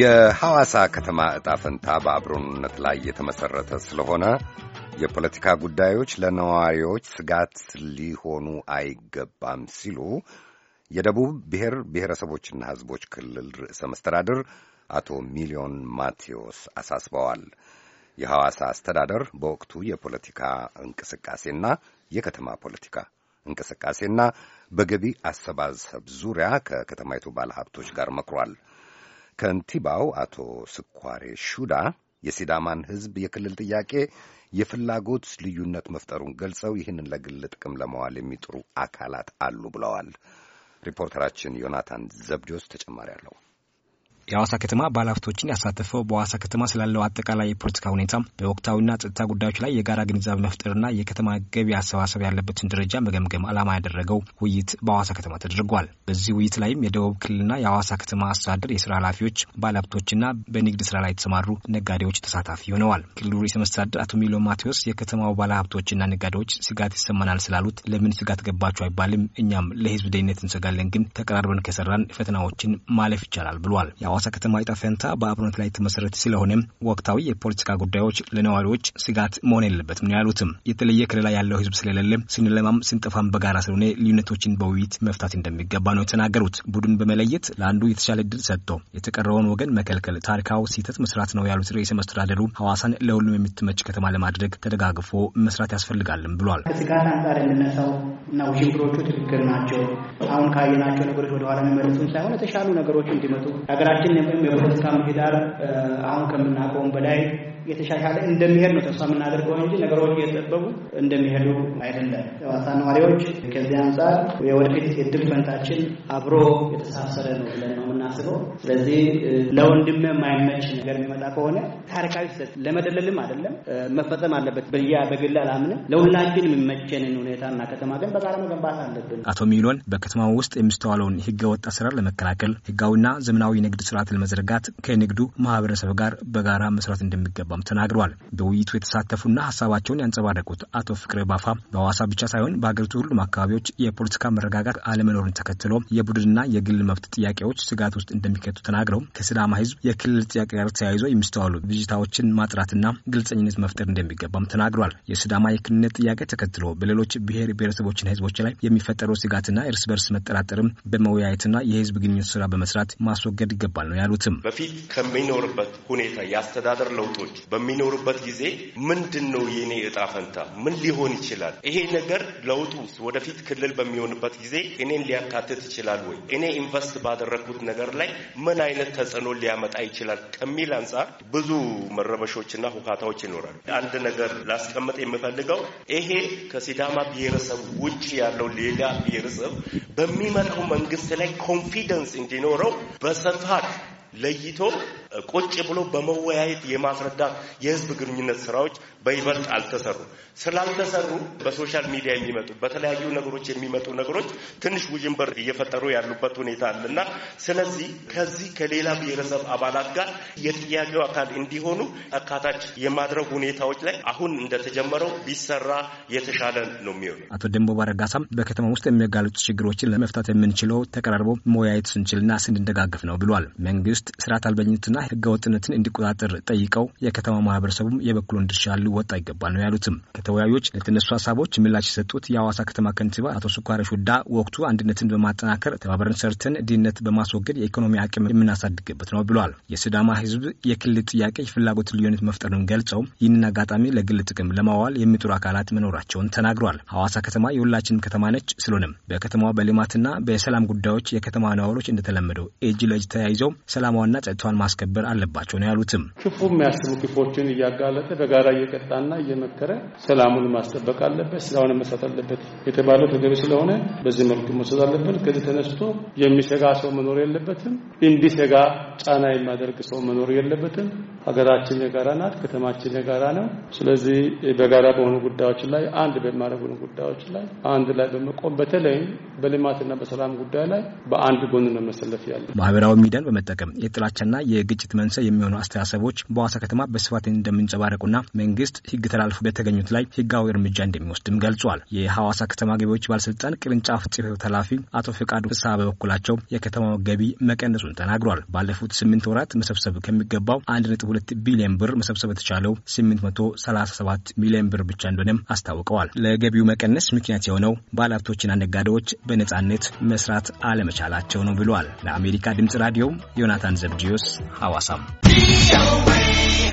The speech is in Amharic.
የሐዋሳ ከተማ ዕጣ ፈንታ በአብሮነት ላይ የተመሠረተ ስለሆነ የፖለቲካ ጉዳዮች ለነዋሪዎች ስጋት ሊሆኑ አይገባም ሲሉ የደቡብ ብሔር ብሔረሰቦችና ሕዝቦች ክልል ርዕሰ መስተዳድር አቶ ሚሊዮን ማቴዎስ አሳስበዋል። የሐዋሳ አስተዳደር በወቅቱ የፖለቲካ እንቅስቃሴና የከተማ ፖለቲካ እንቅስቃሴና በገቢ አሰባሰብ ዙሪያ ከከተማይቱ ባለሀብቶች ጋር መክሯል። ከንቲባው አቶ ስኳሬ ሹዳ የሲዳማን ሕዝብ የክልል ጥያቄ የፍላጎት ልዩነት መፍጠሩን ገልጸው ይህንን ለግል ጥቅም ለመዋል የሚጥሩ አካላት አሉ ብለዋል። ሪፖርተራችን ዮናታን ዘብዲዎስ ተጨማሪ አለው። የአዋሳ ከተማ ባለሀብቶችን ያሳተፈው በአዋሳ ከተማ ስላለው አጠቃላይ የፖለቲካ ሁኔታ በወቅታዊና ጸጥታ ጉዳዮች ላይ የጋራ ግንዛቤ መፍጠርና የከተማ ገቢ አሰባሰብ ያለበትን ደረጃ መገምገም ዓላማ ያደረገው ውይይት በአዋሳ ከተማ ተደርጓል። በዚህ ውይይት ላይም የደቡብ ክልልና የአዋሳ ከተማ አስተዳደር የስራ ኃላፊዎች፣ ባለሀብቶችና በንግድ ስራ ላይ የተሰማሩ ነጋዴዎች ተሳታፊ ሆነዋል። ክልሉ ርዕሰ መስተዳድር አቶ ሚሎ ማቴዎስ የከተማው ባለሀብቶችና ነጋዴዎች ስጋት ይሰማናል ስላሉት ለምን ስጋት ገባቸው አይባልም፣ እኛም ለህዝብ ደህንነት እንሰጋለን፣ ግን ተቀራርበን ከሰራን ፈተናዎችን ማለፍ ይቻላል ብሏል። የሐዋሳ ከተማ ዕጣ ፈንታ በአብሮነት ላይ የተመሰረተ ስለሆነ ወቅታዊ የፖለቲካ ጉዳዮች ለነዋሪዎች ስጋት መሆን የለበትም ነው ያሉትም። የተለየ ከሌላ ያለው ህዝብ ስለሌለ ስንለማም ስንጠፋም በጋራ ስለሆነ ልዩነቶችን በውይይት መፍታት እንደሚገባ ነው የተናገሩት። ቡድን በመለየት ለአንዱ የተሻለ እድል ሰጥቶ የተቀረበውን ወገን መከልከል ታሪካዊ ስህተት መስራት ነው ያሉት ርዕሰ መስተዳደሩ ሐዋሳን ለሁሉም የምትመች ከተማ ለማድረግ ተደጋግፎ መስራት ያስፈልጋልም ብሏል። ከስጋት አንጻር የምነሳው እና ውዥንብሮቹ ትክክል ናቸው። አሁን ካየናቸው ነገሮች ወደኋላ የሚመለሱን ሳይሆን የተሻሉ ነገሮች እንዲመጡ ሀገራችን ሀገራችን የፖለቲካ ምህዳር አሁን ከምናውቀውም በላይ የተሻሻለ እንደሚሄድ ነው ተስፋ የምናደርገው እንጂ ነገሮች እየተጠበቡ እንደሚሄዱ አይደለም። የሐዋሳ ነዋሪዎች ከዚህ አንጻር የወደፊት የድል ፈንታችን አብሮ የተሳሰረ ነው ብለን ነው የምናስበው። ስለዚህ ለወንድም የማይመች ነገር የሚመጣ ከሆነ ታሪካዊ ስህተት ለመደለልም አይደለም መፈጸም አለበት ብያ በግል አላምንም። ለሁላችን የሚመቸንን ሁኔታና ከተማ ግን በጋራ መገንባት አለብን። አቶ ሚሎን በከተማው ውስጥ የሚስተዋለውን ህገ ወጥ አሰራር ለመከላከል ህጋዊና ዘመናዊ ንግድ ስርዓት ለመዘርጋት ከንግዱ ማህበረሰብ ጋር በጋራ መስራት እንደሚገባ እንደሚገባም ተናግረዋል። በውይይቱ የተሳተፉና ሀሳባቸውን ያንጸባረቁት አቶ ፍቅሬ ባፋ በሐዋሳ ብቻ ሳይሆን በሀገሪቱ ሁሉም አካባቢዎች የፖለቲካ መረጋጋት አለመኖርን ተከትሎ የቡድንና የግል መብት ጥያቄዎች ስጋት ውስጥ እንደሚከቱ ተናግረው ከስላማ ህዝብ የክልል ጥያቄ ጋር ተያይዞ የሚስተዋሉ ብዥታዎችን ማጥራትና ግልጸኝነት መፍጠር እንደሚገባም ተናግሯል። የሲዳማ የክልልነት ጥያቄ ተከትሎ በሌሎች ብሔር ብሔረሰቦችና ህዝቦች ላይ የሚፈጠረው ስጋትና እርስ በርስ መጠራጠርም በመወያየትና የህዝብ ግንኙነት ስራ በመስራት ማስወገድ ይገባል ነው ያሉትም። በፊት ከሚኖርበት ሁኔታ የአስተዳደር ለውጦች በሚኖሩበት ጊዜ ምንድን ነው የኔ እጣ ፈንታ? ምን ሊሆን ይችላል? ይሄ ነገር ለውጡ ወደፊት ክልል በሚሆንበት ጊዜ እኔን ሊያካትት ይችላል ወይ? እኔ ኢንቨስት ባደረግኩት ነገር ላይ ምን አይነት ተጽዕኖ ሊያመጣ ይችላል ከሚል አንጻር ብዙ መረበሾችና ሁካታዎች ይኖራል። አንድ ነገር ላስቀምጥ የምፈልገው ይሄ ከሲዳማ ብሔረሰብ ውጭ ያለው ሌላ ብሔረሰብ በሚመጣው መንግስት ላይ ኮንፊደንስ እንዲኖረው በስፋት ለይቶ ቁጭ ብሎ በመወያየት የማስረዳት የህዝብ ግንኙነት ስራዎች በይበልጥ አልተሰሩ። ስላልተሰሩ በሶሻል ሚዲያ የሚመጡ በተለያዩ ነገሮች የሚመጡ ነገሮች ትንሽ ውዥንበር እየፈጠሩ ያሉበት ሁኔታ አለና ስለዚህ ከዚህ ከሌላ ብሔረሰብ አባላት ጋር የጥያቄው አካል እንዲሆኑ አካታች የማድረግ ሁኔታዎች ላይ አሁን እንደተጀመረው ቢሰራ የተሻለ ነው የሚሆነው። አቶ ደንቦ ባረጋሳም በከተማ ውስጥ የሚያጋልጡ ችግሮችን ለመፍታት የምንችለው ተቀራርቦ መወያየት ስንችልና ስንደጋገፍ ነው ብሏል። መንግስት ስርዓት አልበኝነትና ህገወጥነትን እንዲቆጣጠር ጠይቀው የከተማ ማህበረሰቡም የበኩሉን ድርሻ ሊወጣ ይገባል ነው ያሉትም። ከተወያዮች ለተነሱ ሀሳቦች ምላሽ የሰጡት የአዋሳ ከተማ ከንቲባ አቶ ስኳረ ሹዳ ወቅቱ አንድነትን በማጠናከር ተባብረን ሰርተን ድህነት በማስወገድ የኢኮኖሚ አቅም የምናሳድግበት ነው ብሏል። የስዳማ ህዝብ የክልል ጥያቄ የፍላጎት ልዩነት መፍጠሩን ገልጸው ይህንን አጋጣሚ ለግል ጥቅም ለማዋል የሚጥሩ አካላት መኖራቸውን ተናግሯል። ሐዋሳ ከተማ የሁላችንም ከተማ ነች። ስለሆነም በከተማዋ በልማትና በሰላም ጉዳዮች የከተማ ነዋሪዎች እንደተለመደው እጅ ለእጅ ተያይዘው ሰላማዋና ጸጥታዋን ማስከበር መተግበር አለባቸው ነው ያሉትም። ክፉ የሚያስቡ ክፎችን እያጋለጠ በጋራ እየቀጣና እየመከረ ሰላሙን ማስጠበቅ አለበት፣ ስራውን መሳት አለበት የተባለው ተገቢ ስለሆነ በዚህ መልኩ መውሰድ አለበት። ከዚህ ተነስቶ የሚሰጋ ሰው መኖር የለበትም። እንዲሰጋ ጫና የሚያደርግ ሰው መኖር የለበትም። ሀገራችን የጋራ ናት። ከተማችን የጋራ ነው። ስለዚህ በጋራ በሆኑ ጉዳዮች ላይ አንድ በማድረጉን ጉዳዮች ላይ አንድ ላይ በመቆም በተለይም በልማትና በሰላም ጉዳይ ላይ በአንድ ጎን ነው መሰለፍ ያለ ማህበራዊ ሚዲያን በመጠቀም የጥላቻና የግጭ የግጭት መንስኤ የሚሆኑ አስተሳሰቦች በሐዋሳ ከተማ በስፋት እንደሚንጸባረቁና መንግስት ህግ ተላልፎ በተገኙት ላይ ህጋዊ እርምጃ እንደሚወስድም ገልጿል። የሐዋሳ ከተማ ገቢዎች ባለስልጣን ቅርንጫፍ ጽሕፈት ኃላፊ አቶ ፍቃዱ ፍስሐ በበኩላቸው የከተማው ገቢ መቀነሱን ተናግሯል። ባለፉት ስምንት ወራት መሰብሰብ ከሚገባው አንድ ነጥብ ሁለት ቢሊዮን ብር መሰብሰብ የተቻለው ስምንት መቶ ሰላሳ ሰባት ሚሊዮን ብር ብቻ እንደሆነም አስታውቀዋል። ለገቢው መቀነስ ምክንያት የሆነው ባለሀብቶችና ነጋዴዎች በነጻነት መስራት አለመቻላቸው ነው ብሏል። ለአሜሪካ ድምጽ ራዲዮ ዮናታን ዘብዲዮስ ሐዋሳ awesome.